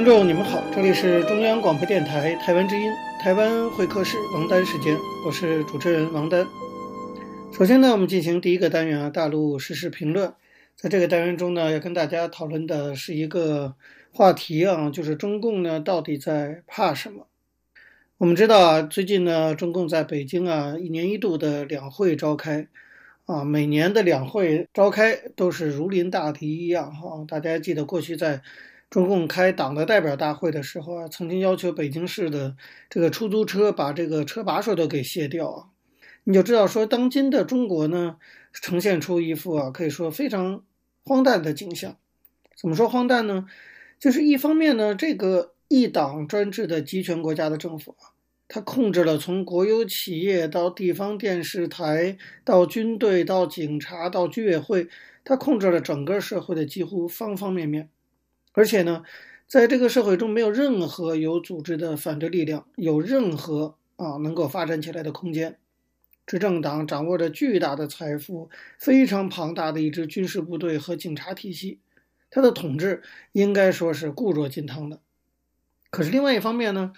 觀眾你們好，這裡是中央廣播電台台灣之音台灣會客室王丹時間，我是主持人王丹。首先呢，我們進行第一個單元啊，大陸時事評論。在這個單元中呢，要跟大家討論的是一個話題啊，就是中共呢到底在怕什麼？我們知道啊，最近呢，中共在北京啊，一年一度的兩會召開啊，每年的兩會召開都是如臨大敵一樣哈、啊。大家記得過去在。中共開黨的代表大會的時候啊，曾經要求北京市的這個出租車把這個車把手都給卸掉啊，你就知道說當今的中國呢，呈現出一幅啊可以說非常荒誕的景象。怎麼說荒誕呢？就是一方面呢，這個一黨專制的集權國家的政府啊，它控制了從國有企業到地方電視台到軍隊到警察到居委會，它控制了整個社會的幾乎方方面面。而且呢，在這個社會中，沒有任何有組織的反對力量，有任何啊能夠發展起來的空間。執政黨掌握着巨大的財富，非常龐大的一支軍事部隊和警察體系，它的統治應該說是固若金湯的。可是另外一方面呢，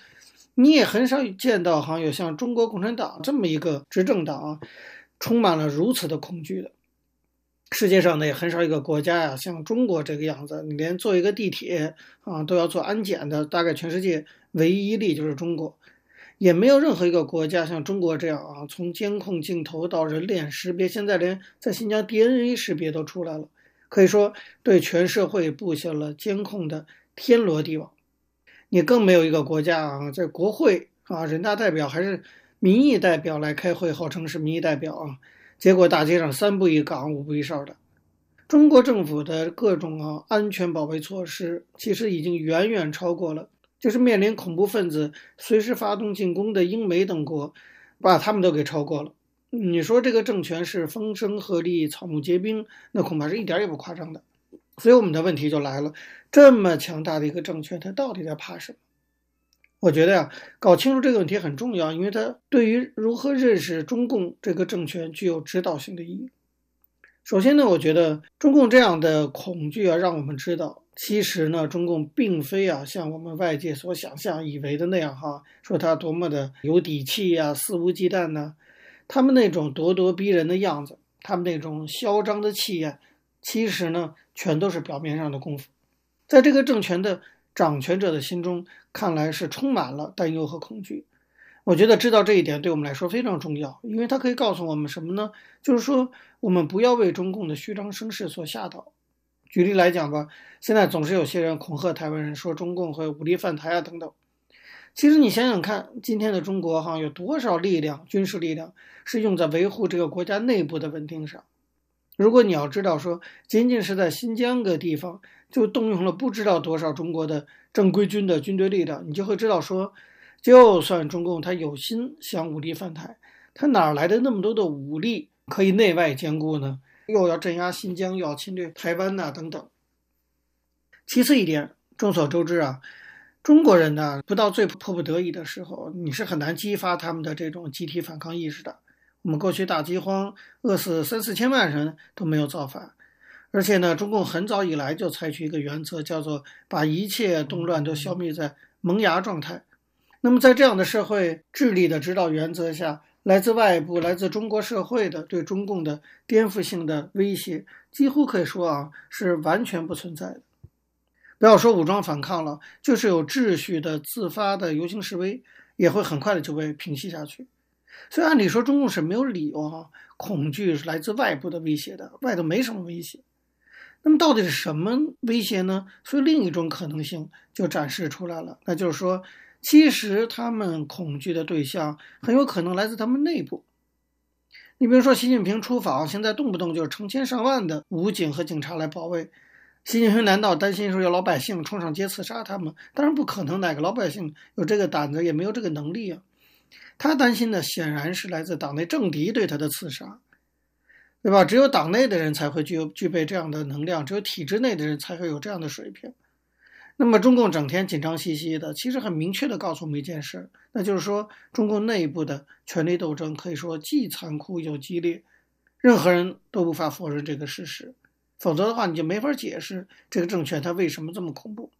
你也很少見到，好像有像中國共產黨這麼一個執政黨，啊，充滿了如此的恐懼的。世界上呢，也很少一個國家呀，啊，像中國這個樣子，你連坐一個地鐵啊都要做安檢的，大概全世界唯一一例就是中國，也沒有任何一個國家像中國這樣啊，從監控鏡頭到人臉識別，現在連在新疆 DNA 識別都出來了，可以說對全社會佈下了監控的天羅地網。你更沒有一個國家啊，在國會啊、人大代表還是民意代表來開會，號稱是民意代表啊。結果大街上三步一崗，五步一哨的，中國政府的各種啊安全保衛措施，其實已經遠遠超過了，就是面臨恐怖分子隨時發動進攻的英美等國，把他們都給超過了。你說這個政權是風聲鶴唳，草木皆兵，那恐怕是一點也不誇張的。所以我們的問題就來了，這麼強大的一個政權，它到底在怕什麼？我覺得呀、啊，搞清楚這個問題很重要，因為它對於如何認識中共這個政權具有指導性的意義。首先呢，我覺得中共這樣的恐懼啊，讓我們知道，其實呢，中共並非啊像我們外界所想象以為的那樣哈，說他多麼的有底氣呀、啊、肆無忌憚呢、啊。他們那種咄咄逼人的樣子，他們那種囂張的氣焰、啊，其實呢，全都是表面上的功夫，在這個政權的。掌權者的心中看來是充滿了擔憂和恐懼，我覺得知道這一點對我們來說非常重要，因為它可以告訴我們什麼呢？就是說我們不要為中共的虛張聲勢所嚇倒。舉例來講吧，現在總是有些人恐嚇台灣人說中共會武力犯台啊等等。其實你想想看，今天的中國哈啊有多少力量，軍事力量是用在維護這個國家內部的穩定上。如果你要知道說，僅僅是在新疆個地方。就動用了不知道多少中國的正規軍的軍隊力量，你就會知道說，就算中共他有心想武力犯台，他哪來的那麼多的武力可以內外兼顧呢？又要鎮壓新疆，又要侵略台灣吶、啊、等等。其次一點，眾所周知啊，中國人呢、啊、不到最迫不得已的時候，你是很難激發他們的這種集體反抗意識的。我們過去大饑荒餓死三四千萬人都沒有造反。而且呢，中共很早以來就採取一個原則，叫做把一切動亂都消滅在萌芽狀態。那麼，在這樣的社會治理的指導原則下，來自外部、來自中國社會的對中共的顛覆性的威脅，幾乎可以說啊是完全不存在的。不要說武裝反抗了，就是有秩序的自發的遊行示威，也會很快的就被平息下去。所以，按理說，中共是沒有理由啊恐懼是來自外部的威脅的，外頭沒什麼威脅。那麼到底是什麼威脅呢？所以另一種可能性就展示出來了，那就是說，其實他們恐懼的對象很有可能來自他們內部。你比如說，習近平出訪，現在動不動就是成千上萬的武警和警察來保衛。習近平難道擔心說有老百姓衝上街刺殺他們？當然不可能，哪個老百姓有這個膽子，也沒有這個能力啊。他擔心的顯然是來自黨內政敵對他的刺殺。對吧？只有黨內的人才會具有具備這樣的能量，只有體制內的人才會有這樣的水平。那麼，中共整天緊張兮兮的，其實很明確的告訴我們一件事，那就是說，中共內部的權力鬥爭可以說既殘酷又激烈，任何人都無法否認這個事實。否則的話，你就沒法解釋這個政權它為什麼這麼恐怖。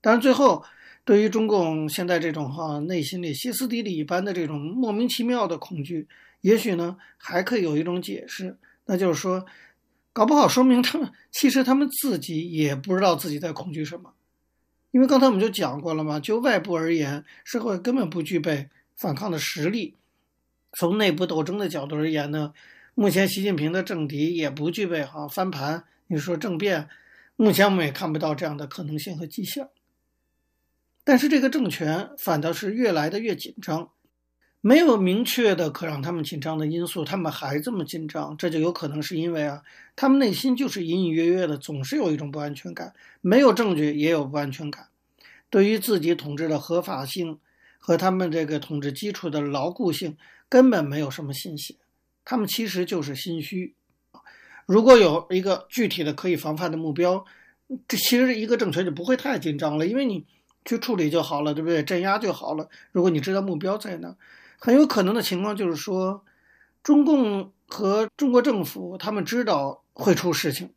當然最後，對於中共現在這種哈內心裡歇斯底里一般的這種莫名其妙的恐懼，也許呢，還可以有一種解釋，那就是說，搞不好說明他們其實他們自己也不知道自己在恐懼什麼，因為剛才我們就講過了嘛，就外部而言，社會根本不具備反抗的實力；從內部鬥爭的角度而言呢，目前習近平的政敵也不具備哈翻盤，你說政變，目前我們也看不到這樣的可能性和迹象。但是這個政權反倒是越來的越緊張。沒有明確的可讓他們緊張的因素，他們還這麼緊張，這就有可能是因為啊，他們內心就是隱隱約約的，總是有一種不安全感。沒有證據也有不安全感，對於自己統治的合法性和他們這個統治基礎的牢固性，根本沒有什麼信心。他們其實就是心虛。如果有一個具體的可以防範的目標，這其實一個政權就不會太緊張了，因為你去處理就好了，對不對？鎮壓就好了。如果你知道目標在哪。很有可能的情況就是說，中共和中國政府他們知道會出事情，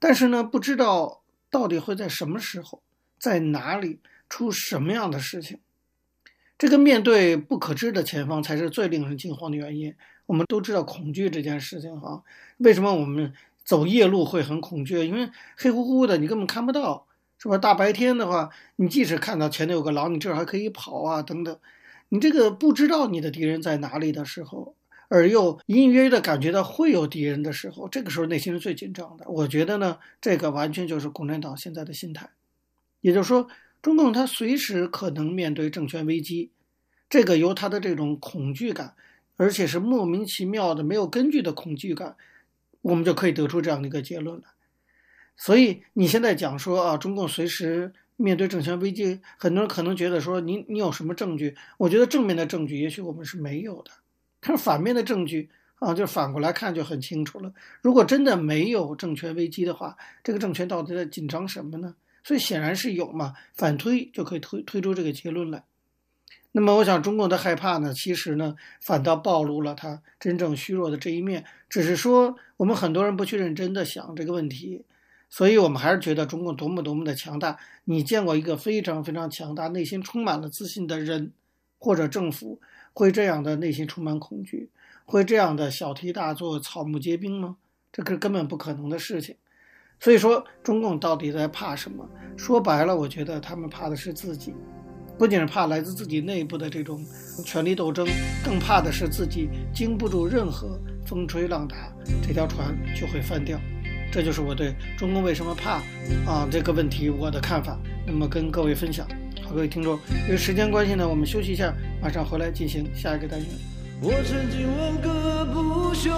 但是呢，不知道到底會在什麼時候，在哪裡出什麼樣的事情。這個面對不可知的前方才是最令人驚慌的原因。我們都知道恐懼這件事情哈、啊，為什麼我們走夜路會很恐懼？因為黑乎乎的，你根本看不到，是吧？大白天的話，你即使看到前面有個狼，你這還可以跑啊，等等。你這個不知道你的敵人在哪裡的時候，而又隱隱約約的感覺到會有敵人的時候，這個時候內心是最緊張的。我覺得呢，這個完全就是共產黨現在的心態，也就是說，中共他隨時可能面對政權危機，這個由他的這種恐懼感，而且是莫名其妙的、沒有根據的恐懼感，我們就可以得出這樣的一個結論了。所以你現在講說啊，中共隨時。面對政權危機，很多人可能覺得說你你有什麼證據？我覺得正面的證據也許我們是沒有的，但是反面的證據啊，就是反過來看就很清楚了。如果真的沒有政權危機的話，這個政權到底在緊張什麼呢？所以顯然是有嘛，反推就可以推推出這個結論來。那麼我想中共的害怕呢，其實呢反倒暴露了他真正虛弱的這一面，只是說我們很多人不去認真的想這個問題。所以我們還是覺得中共多麼多麼的強大。你見過一個非常非常強大，內心充滿了自信的人，或者政府，會這樣的內心充滿恐懼，會這樣的小題大做，草木皆兵嗎？這是根本不可能的事情。所以說，中共到底在怕什麼？說白了，我覺得他們怕的是自己，不僅是怕來自自己內部的這種權力鬥爭，更怕的是自己經不住任何風吹浪打，這條船就會翻掉。這就是我對中共為什麼怕啊，這個問題我的看法，那麼跟各位分享。好，各位聽眾，因為時間關係呢，我們休息一下，馬上回來進行下一個單元。我曾經問個不休，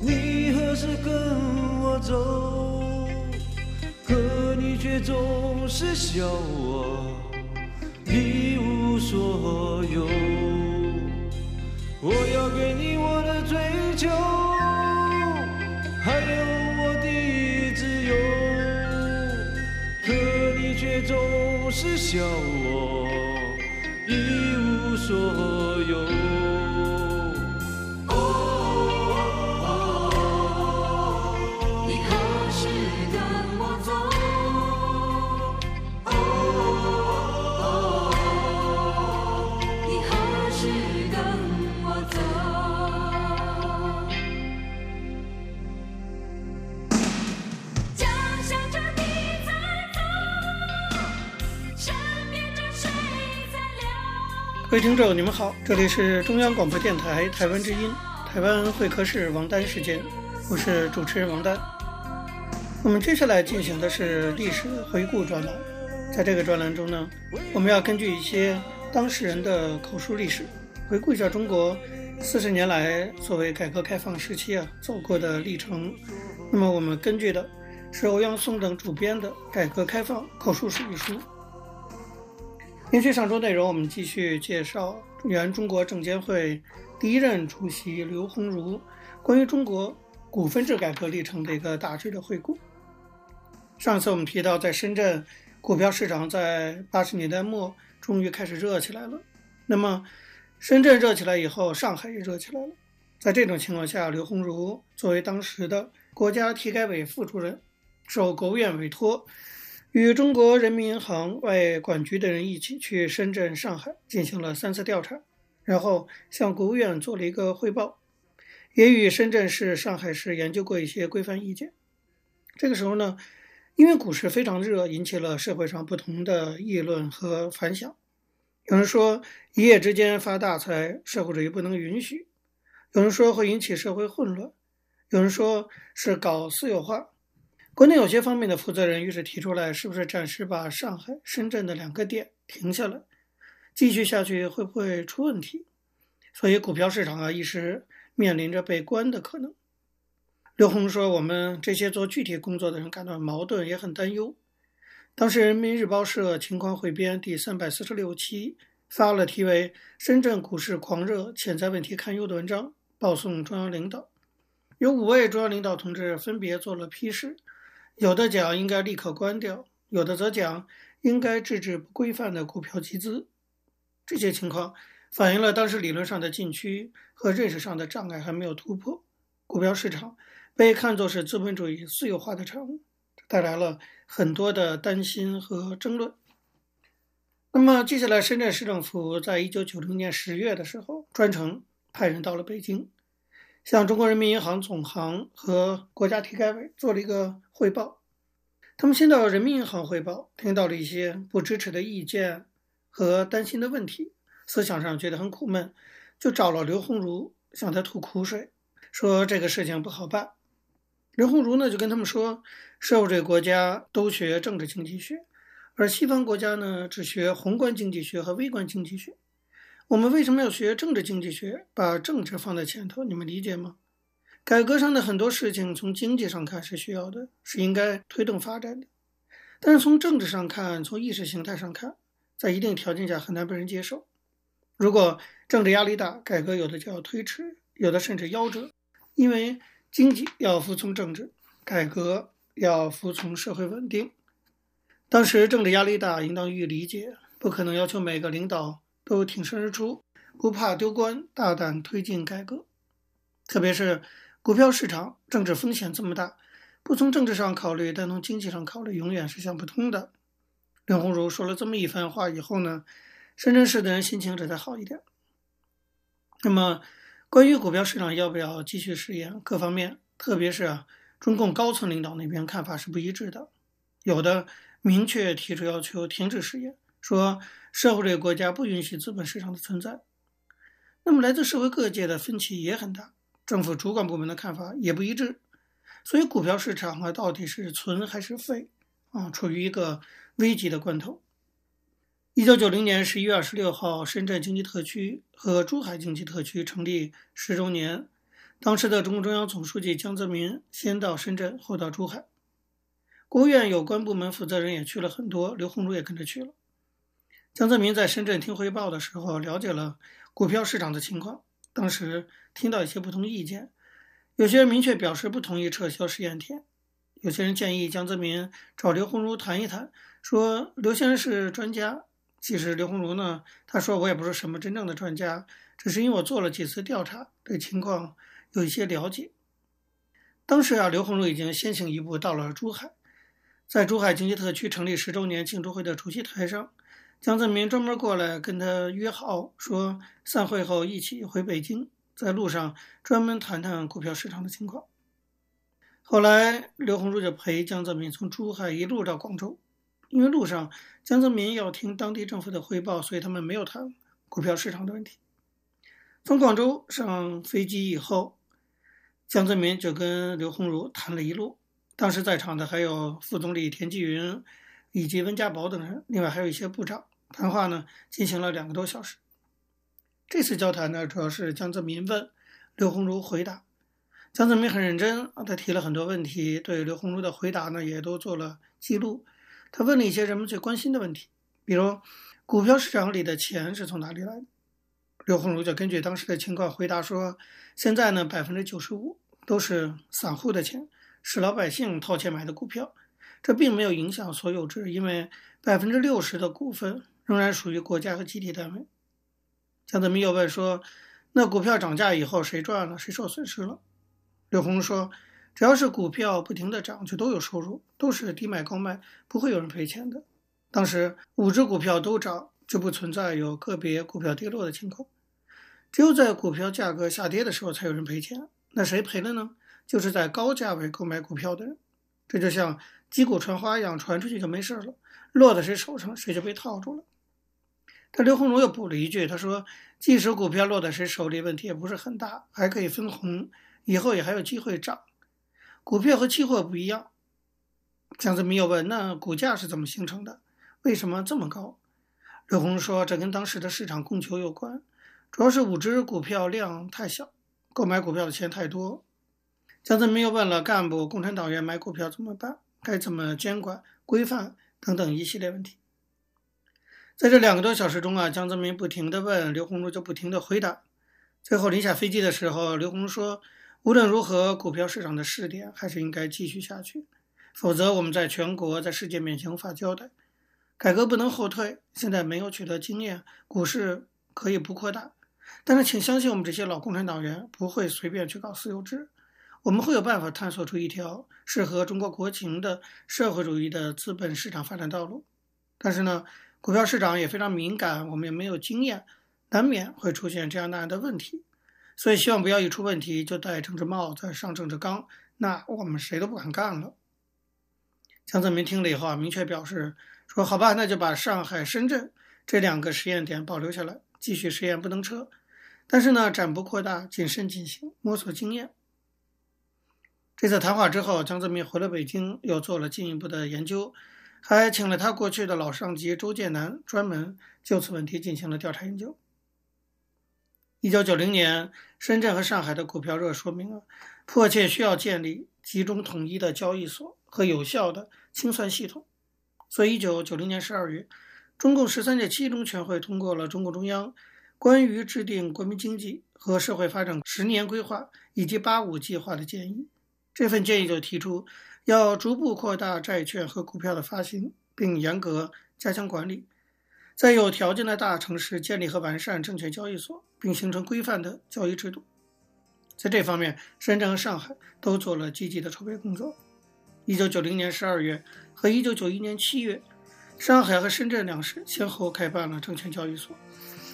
你何時跟我走，可你卻總是笑我一無所有，我要給你我的追求還有我的自由，可你卻總是笑我一無所有。聽眾你們好，這裡是中央廣播電台台灣之音，台灣會客室王丹時間，我是主持人王丹。我們接下來進行的是歷史回顧專欄，在這個專欄中呢，我們要根據一些當事人的口述歷史，回顧一下中國四十年來作為改革開放時期啊走過的歷程。那麼我們根據的是歐陽松等主編的《改革開放口述史》一書。延續上周內容，我們繼續介紹原中國證監會第一任主席劉鴻儒關於中國股份制改革歷程的一個大致的回顧。上次我們提到，在深圳股票市場在八十年代末終於開始熱起來了。那麼，深圳熱起來以後，上海也熱起來了。在這種情況下，劉鴻儒作為當時的國家體改委副主任，受國務院委托。與中國人民銀行外管局的人一起去深圳、上海進行了三次調查，然後向國務院做了一個匯報，也與深圳市、上海市研究過一些規範意見。這個時候呢，因為股市非常熱，引起了社會上不同的議論和反響。有人說一夜之間發大財，社會主義不能允許。有人說會引起社會混亂，有人說是搞私有化。國內有些方面的負責人於是提出來，是不是暫時把上海、深圳的兩個點停下來？繼續下去會不會出問題？所以股票市場啊，一時面臨着被關的可能。劉虹說：“我們這些做具體工作的人感到矛盾，也很擔憂。”當時，《人民日報》社情況彙編第三百四十六期發了題為《深圳股市狂熱，潛在問題堪憂》的文章，報送中央領導。有五位中央領導同志分別做了批示。有的講應該立刻關掉，有的則講應該制止不規範的股票集資。這些情況反映了當時理論上的禁區和認識上的障礙還沒有突破。股票市場被看作是資本主義私有化的產物，帶來了很多的擔心和爭論。那麼，接下來深圳市政府在一九九零年十月的時候，專程派人到了北京。向中國人民銀行總行和國家體改委做了一個匯報，他們先到人民銀行匯報，聽到了一些不支持的意見和擔心的問題，思想上覺得很苦悶，就找了劉鴻儒向他吐苦水，說這個事情不好辦。劉鴻儒呢就跟他們說，社會主義國家都學政治經濟學，而西方國家呢只學宏觀經濟學和微觀經濟學。我們為什麼要學政治經濟學，把政治放在前頭，你們理解嗎？改革上的很多事情，從經濟上看是需要的，是應該推動發展的。但是從政治上看，從意識形態上看，在一定條件下很難被人接受。如果政治壓力大，改革有的就要推遲，有的甚至夭折。因為經濟要服從政治，改革要服從社會穩定。當時政治壓力大，應當予以理解，不可能要求每個領導。都挺身而出，不怕丟官，大膽推進改革。特別是股票市場，政治風險這麼大，不從政治上考慮，但從經濟上考慮，永遠是想不通的。劉鴻儒說了這麼一番話以後呢，深圳市的人心情這才好一點。那麼，關於股票市場要不要繼續試驗，各方面，特別是、啊、中共高層領導那邊看法是不一致的，有的明確提出要求停止試驗，說。社會主義國家不允許資本市場的存在，那麼來自社會各界的分歧也很大，政府主管部門的看法也不一致，所以股票市場啊到底是存還是廢啊，處於一個危急的關頭。一九九零年十一月二十六號，深圳經濟特區和珠海經濟特區成立十周年，當時的中共中央總書記江澤民先到深圳，後到珠海，國務院有關部門負責人也去了很多，劉鴻儒也跟着去了。江澤民在深圳聽匯報的時候，了解了股票市場的情況。當時聽到一些不同意見，有些人明確表示不同意撤銷試驗田，有些人建議江澤民找劉鴻儒談一談，說劉先生是專家。其實劉鴻儒呢，他說我也不是什麼真正的專家，只是因為我做了幾次調查，對情況有一些了解。當時啊，劉鴻儒已經先行一步到了珠海，在珠海經濟特區成立十週年慶祝會的主席台上。江澤民專門過來跟他約好，說散會後一起回北京，在路上專門談談股票市場的情況。後來劉鴻儒就陪江澤民從珠海一路到廣州，因為路上江澤民要聽當地政府的匯報，所以他們沒有談股票市場的問題。從廣州上飛機以後，江澤民就跟劉鴻儒談了一路，當時在場的還有副總理田紀雲。以及溫家寶等人，另外還有一些部長談話呢，進行了兩個多小時。這次交談呢，主要是江澤民問，劉鴻儒回答。江澤民很認真啊，他提了很多問題，對劉鴻儒的回答呢，也都做了記錄。他問了一些人們最關心的問題，比如股票市場裡的錢是從哪裡來的？劉鴻儒就根據當時的情況回答說，現在呢，百分之九十五都是散戶的錢，是老百姓掏錢買的股票。這並沒有影響所有制，因為百分之六十的股份仍然屬於國家和集體單位。江澤民又問說：“那股票漲價以後，誰賺了，誰受損失了？”柳紅說：“只要是股票不停地漲，就都有收入，都是低買高賣，不會有人賠錢的。當時五隻股票都漲，就不存在有個別股票跌落的情況。只有在股票價格下跌的時候，才有人賠錢。那誰賠了呢？就是在高價位購買股票的人。”這就像擊鼓傳花一樣，傳出去就沒事了，落在誰手上，誰就被套住了。但劉鴻儒又補了一句，他說：“即使股票落在誰手裡，問題也不是很大，還可以分紅，以後也還有機會漲。股票和期貨不一樣。”江澤民又問：“那股價是怎麼形成的？為什麼這麼高？”劉鴻儒說：“這跟當時的市場供求有關，主要是五只股票量太小，購買股票的錢太多。”江澤民又問了幹部、共產黨員買股票怎麼辦？該怎麼監管、規範等等一系列問題。在這兩個多小時中啊，江澤民不停地問，劉鴻儒就不停地回答。最後臨下飛機的時候，劉鴻儒說：“無論如何，股票市場的試點還是應該繼續下去，否則我們在全國、在世界面前無法交代。改革不能後退。現在沒有取得經驗，股市可以不擴大，但是請相信我們這些老共產黨員不會隨便去搞私有制。”我們會有辦法探索出一條適合中國國情的社會主義的資本市場發展道路，但是呢，股票市場也非常敏感，我們也沒有經驗，難免會出現這樣那樣的問題。所以，希望不要一出問題就戴政治帽子上政治綱，那我們誰都不敢幹了。江澤民聽了以後啊，明確表示說：“好吧，那就把上海、深圳這兩個實驗點保留下來，繼續實驗不能撤，但是呢，暫不擴大，謹慎進行，摸索經驗。”這次談話之後，江澤民回了北京，又做了進一步的研究，還請了他過去的老上級周建南專門就此問題進行了調查研究。一九九零年，深圳和上海的股票熱說明了迫切需要建立集中統一的交易所和有效的清算系統，所以一九九零年十二月，中共十三屆七中全會通過了中共中央關於制定國民經濟和社會發展十年規劃以及“八五”計劃的建議。這份建議就提出，要逐步擴大債券和股票的發行，並嚴格加強管理，在有條件的大城市建立和完善證券交易所，並形成規範的交易制度。在這方面，深圳和上海都做了積極的籌備工作。一九九零年十二月和一九九一年七月，上海和深圳兩市先後開辦了證券交易所，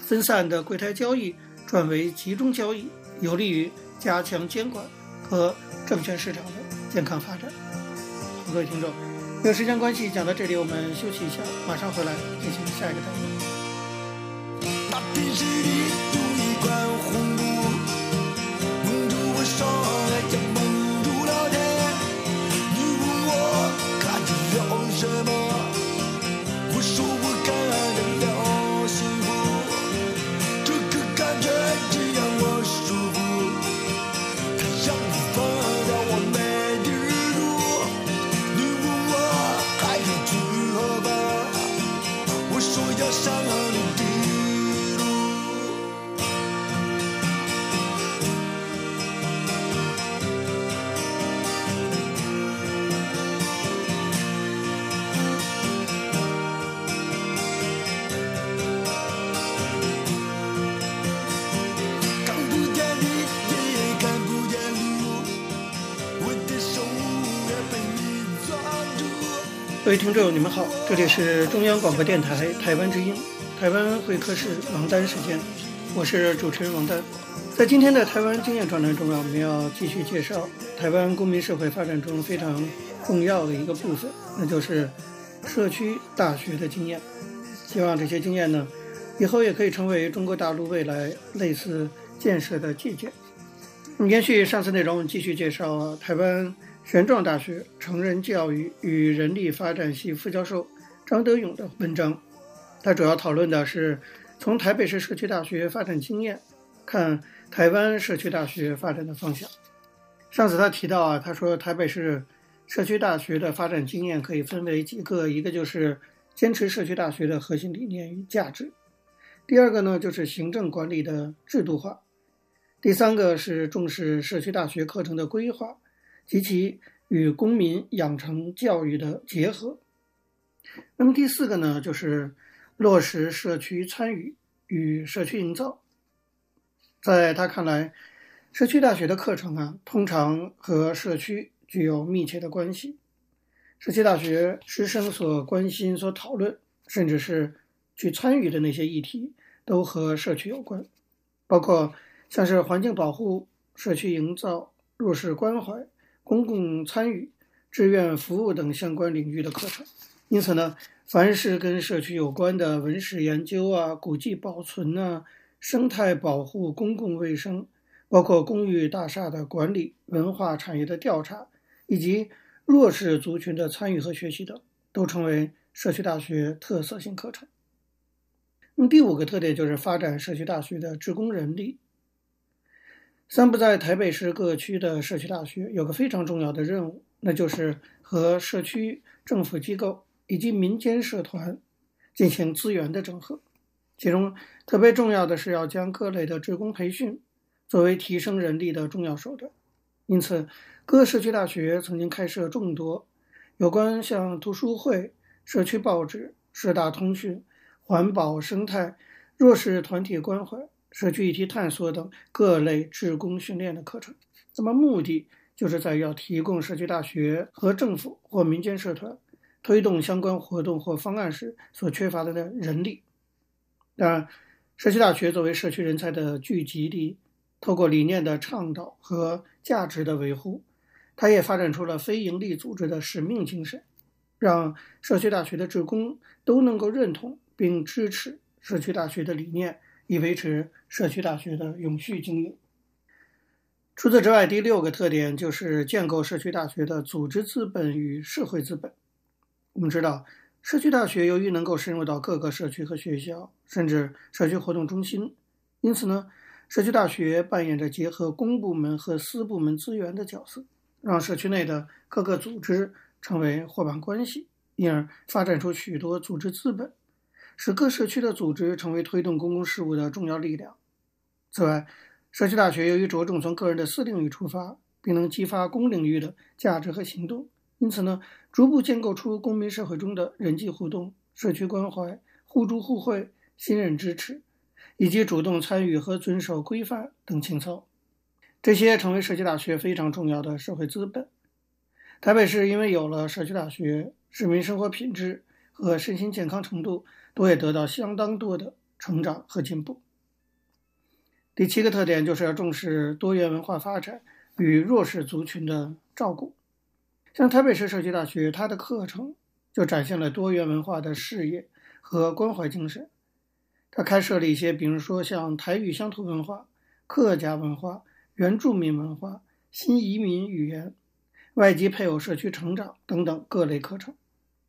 分散的櫃台交易轉為集中交易，有利於加強監管。和證券市場的健康發展。好、嗯，各位聽眾，有時間關係，講到這裡，我們休息一下，馬上回來進行下一個單元。各位聽眾你們好，這裡是中央廣播電台台灣之音，台灣會客室王丹時間，我是主持人王丹。在今天的台灣經驗專欄中啊，我們要繼續介紹台灣公民社會發展中非常重要的一個部分，那就是社區大學的經驗。希望這些經驗呢，以後也可以成為中國大陸未來類似建設的借鑑。延續上次內容，繼續介紹啊，台灣。玄奘大學成人教育與人力發展系副教授張德勇的文章，他主要討論的是從台北市社區大學發展經驗看台灣社區大學發展的方向。上次他提到啊，他說台北市社區大學的發展經驗可以分為幾個，一個就是堅持社區大學的核心理念與價值，第二個呢就是行政管理的制度化，第三個是重視社區大學課程的規劃。及其與公民養成教育的結合。那麼第四個呢，就是落實社區參與與社區營造。在他看來，社區大學的課程啊，通常和社區具有密切的關係。社區大學師生所關心、所討論，甚至是去參與的那些議題，都和社區有關，包括像是環境保護、社區營造、弱勢關懷。公共參與、志願服務等相關領域的課程，因此呢，凡是跟社區有關的文史研究啊、古蹟保存啊、生態保護、公共衛生，包括公寓大廈的管理、文化產業的調查，以及弱勢族群的參與和學習等，都成為社區大學特色性課程。那麼第五個特點就是發展社區大學的職工人力。散佈在台北市各區的社區大學有個非常重要的任務，那就是和社區政府機構以及民間社團進行資源的整合。其中特別重要的是要將各類的職工培訓作為提升人力的重要手段。因此，各社區大學曾經開設眾多有關像讀書會、社區報紙、社大通訊、環保生態、弱勢團體關懷。社區議題探索等各類志工訓練的課程，那麼目的就是在要提供社區大學和政府或民間社團推動相關活動或方案時所缺乏的人力。當然，社區大學作為社區人才的聚集地，透過理念的倡導和價值的維護，它也發展出了非營利組織的使命精神，讓社區大學的職工都能夠認同並支持社區大學的理念，以維持社區大學的永續經營。除此之外，第六個特點就是建構社區大學的組織資本與社會資本。我們知道，社區大學由於能夠深入到各個社區和學校，甚至社區活動中心，因此呢，社區大學扮演着結合公部門和私部門資源的角色，讓社區內的各個組織成為夥伴關係，因而發展出許多組織資本。使各社區的組織成為推動公共事務的重要力量。此外，社區大學由於着重從個人的私領域出發，並能激發公領域的價值和行動，因此呢，逐步建構出公民社會中的人際互動、社區關懷、互助互惠、信任支持，以及主動參與和遵守規範等情操。這些成為社區大學非常重要的社會資本。台北市因為有了社區大學，市民生活品質和身心健康程度，都會得到相當多的成長和進步。第七個特點就是要重視多元文化發展與弱勢族群的照顧。像台北市社區大學，它的課程就展現了多元文化的視野和關懷精神。它開設了一些，比如說像台語鄉土文化、客家文化、原住民文化、新移民語言、外籍配偶社區成長等等各類課程。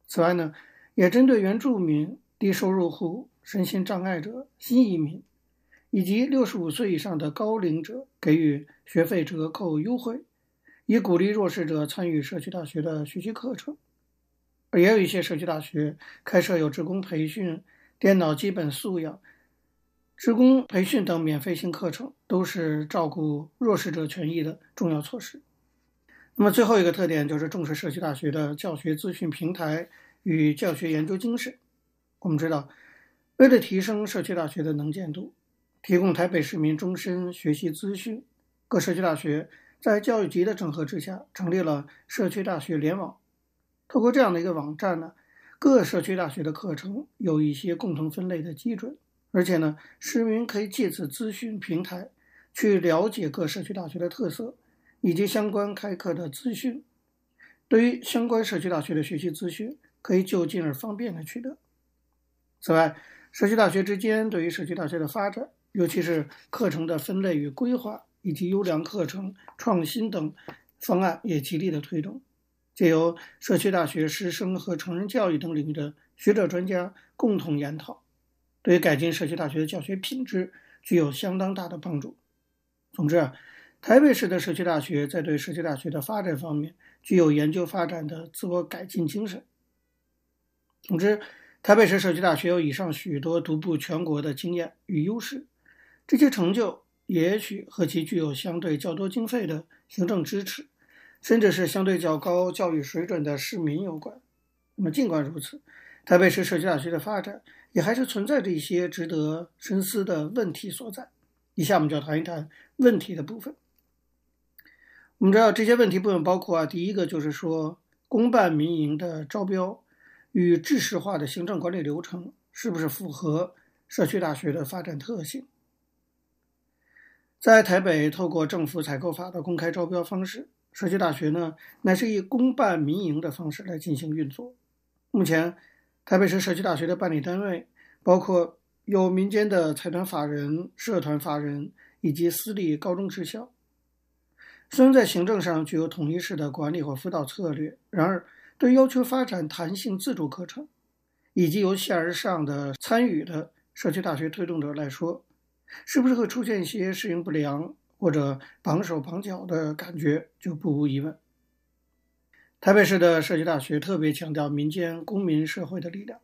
此外呢，也針對原住民，低收入戶、身心障礙者、新移民以及六十五歲以上的高齡者給予學費折扣優惠，以鼓勵弱勢者參與社區大學的學習課程。而也有一些社區大學開設有職工培訓、電腦基本素養、職工培訓等免費性課程，都是照顧弱勢者權益的重要措施。那麼最後一個特點就是重視社區大學的教學資訊平台與教學研究精神。我們知道，為了提升社區大學的能見度，提供台北市民終身學習資訊，各社區大學在教育局的整合之下成立了社區大學聯網。透過這樣的一個網站呢，各社區大學的課程有一些共同分類的基準，而且呢，市民可以借此資訊平台去了解各社區大學的特色以及相關開課的資訊。對於相關社區大學的學習資訊，可以就近而方便的取得。此外，社區大學之間對於社區大學的發展，尤其是課程的分類與規劃以及優良課程創新等方案，也極力的推動，借由社區大學師生和成人教育等領域的學者專家共同研討，對於改進社區大學的教學品質具有相當大的幫助。總之啊，台北市的社區大學在對社區大學的發展方面，具有研究發展的自我改進精神。總之。台北市社區大學有以上許多獨步全國的經驗與優勢，這些成就也許和其具有相對較多經費的行政支持，甚至是相對較高教育水準的市民有關。嗯，那麼儘管如此，台北市社區大學的發展也還是存在着一些值得深思的問題所在。以下我們就談一談問題的部分。我們知道這些問題部分包括啊，第一個就是說公辦民營的招標。與製式化的行政管理流程是不是符合社區大學的發展特性？在台北，透過政府採購法的公開招標方式，社區大學呢，乃是以公辦民營的方式來進行運作。目前，台北市社區大學的辦理單位包括有民間的財團法人、社團法人以及私立高中職校。雖然在行政上具有統一式的管理和輔導策略，然而。對要求發展彈性自主課程，以及由下而上的參與的社區大學推動者來說，是不是會出現一些適應不良或者綁手綁腳的感覺，就不無疑問。台北市的社區大學特別強調民間公民社會的力量，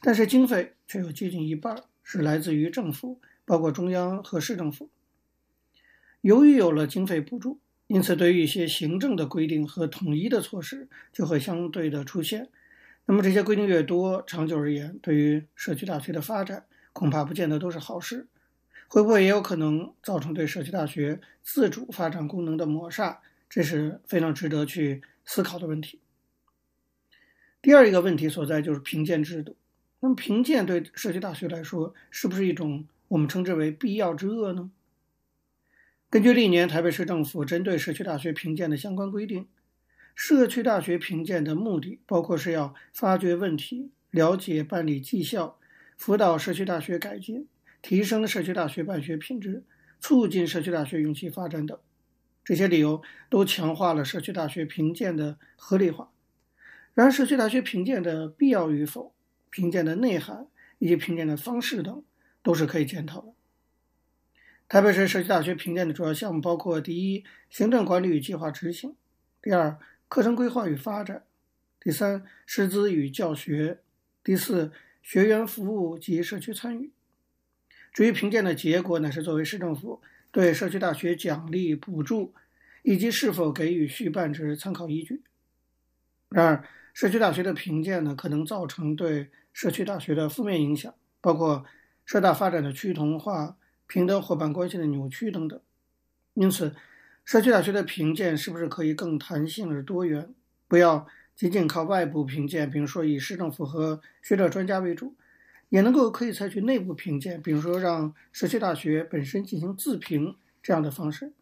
但是經費卻有接近一半是來自於政府，包括中央和市政府。由於有了經費補助。因此，對於一些行政的規定和統一的措施，就會相對的出現。那麼，這些規定越多，長久而言，對於社區大學的發展，恐怕不見得都是好事。會不會也有可能造成對社區大學自主發展功能的抹殺？這是非常值得去思考的問題。第二一個問題所在就是評鑑制度。那麼，評鑑對社區大學來說，是不是一種我們稱之為必要之惡呢？根據歷年台北市政府針對社區大學評鑑的相關規定，社區大學評鑑的目的包括是要發掘問題、了解辦理績效、輔導社區大學改進、提升社區大學辦學品質、促進社區大學永續發展等。這些理由都強化了社區大學評鑑的合理化。然而，社區大學評鑑的必要與否、評鑑的內涵以及評鑑的方式等，都是可以檢討的。台北市社區大學評鑑的主要項目包括：第一，行政管理與計劃執行；第二，課程規劃與發展；第三，師資與教學；第四，學員服務及社區參與。至於評鑑的結果呢，是作為市政府對社區大學獎勵、補助以及是否給予續辦之參考依據。然而，社區大學的評鑑呢，可能造成對社區大學的負面影響，包括社大發展的趨同化。平等夥伴關係的扭曲等等，因此，社區大學的評鑑是不是可以更彈性而多元？不要僅僅靠外部評鑑，比如說以市政府和學者專家為主，也能夠可以採取內部評鑑，比如說讓社區大學本身進行自評這樣的方式，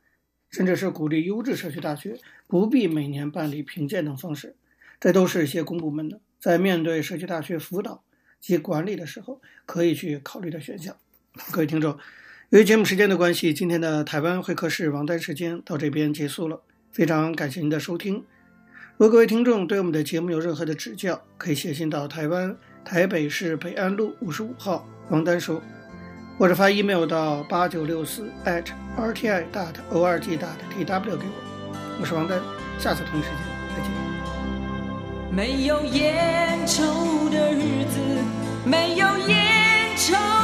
甚至是鼓勵優質社區大學不必每年辦理評鑑等方式，這都是一些公部門的，在面對社區大學輔導及管理的時候，可以去考慮的選項。各位聽眾。由於節目時間的關係，今天的台灣會客室王丹時間到這邊結束了。非常感謝您的收聽。如果各位聽眾對我們的節目有任何的指教，可以寫信到台灣台北市北安路五十五號王丹說，或者發 email 到八九六四 @rti.org.tw 給我。我是王丹，下次同一時間再見。沒有煙抽的日子，沒有煙抽。